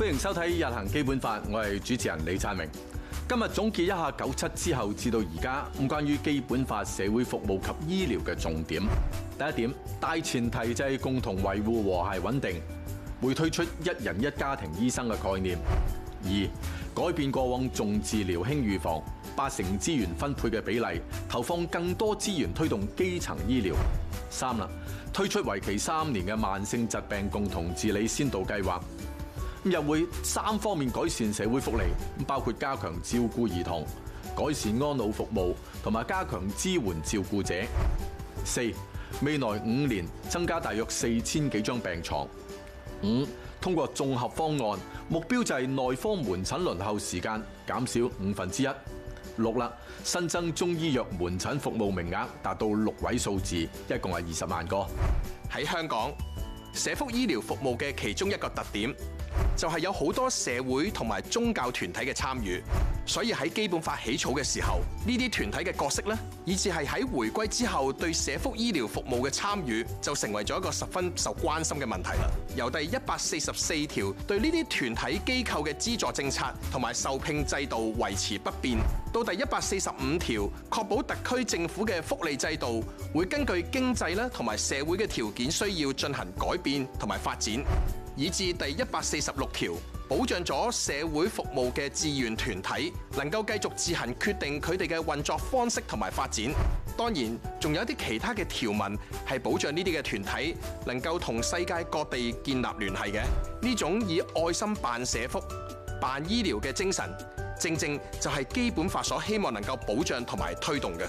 歡迎收睇《日行基本法》，我係主持人李燦明。今日總結一下九七之後至到而家咁關於基本法、社會服務及醫療嘅重點。第一點，大前提就係共同維護和諧穩定，會推出一人一家庭醫生嘅概念。二，改變過往重治療輕預防，八成資源分配嘅比例，投放更多資源推動基層醫療。三啦，推出為期三年嘅慢性疾病共同治理先導計劃。又會三方面改善社會福利，包括加強照顧兒童、改善安老服務同埋加強支援照顧者。四，未來五年增加大約四千幾張病床。五，通過綜合方案，目標就係內科門診輪候時間減少五分之一。六啦，新增中醫藥門診服務名額達到六位數字，一共係二十萬個喺香港。社福醫療服務嘅其中一個特點，就係有好多社會同埋宗教團體嘅參與。所以喺基本法起草嘅時候，呢啲團體嘅角色咧，以至係喺回歸之後對社福醫療服務嘅參與就成為咗一個十分受關心嘅問題啦。由第一百四十四條對呢啲團體機構嘅資助政策同埋受聘制度維持不變，到第一百四十五條確保特區政府嘅福利制度會根據經濟啦同埋社會嘅條件需要進行改變同埋發展。以至第一百四十六條保障咗社會服務嘅志願團體能夠繼續自行決定佢哋嘅運作方式同埋發展。當然，仲有啲其他嘅條文係保障呢啲嘅團體能夠同世界各地建立聯繫嘅呢種以愛心辦社福、辦醫療嘅精神，正正就係基本法所希望能夠保障同埋推動嘅。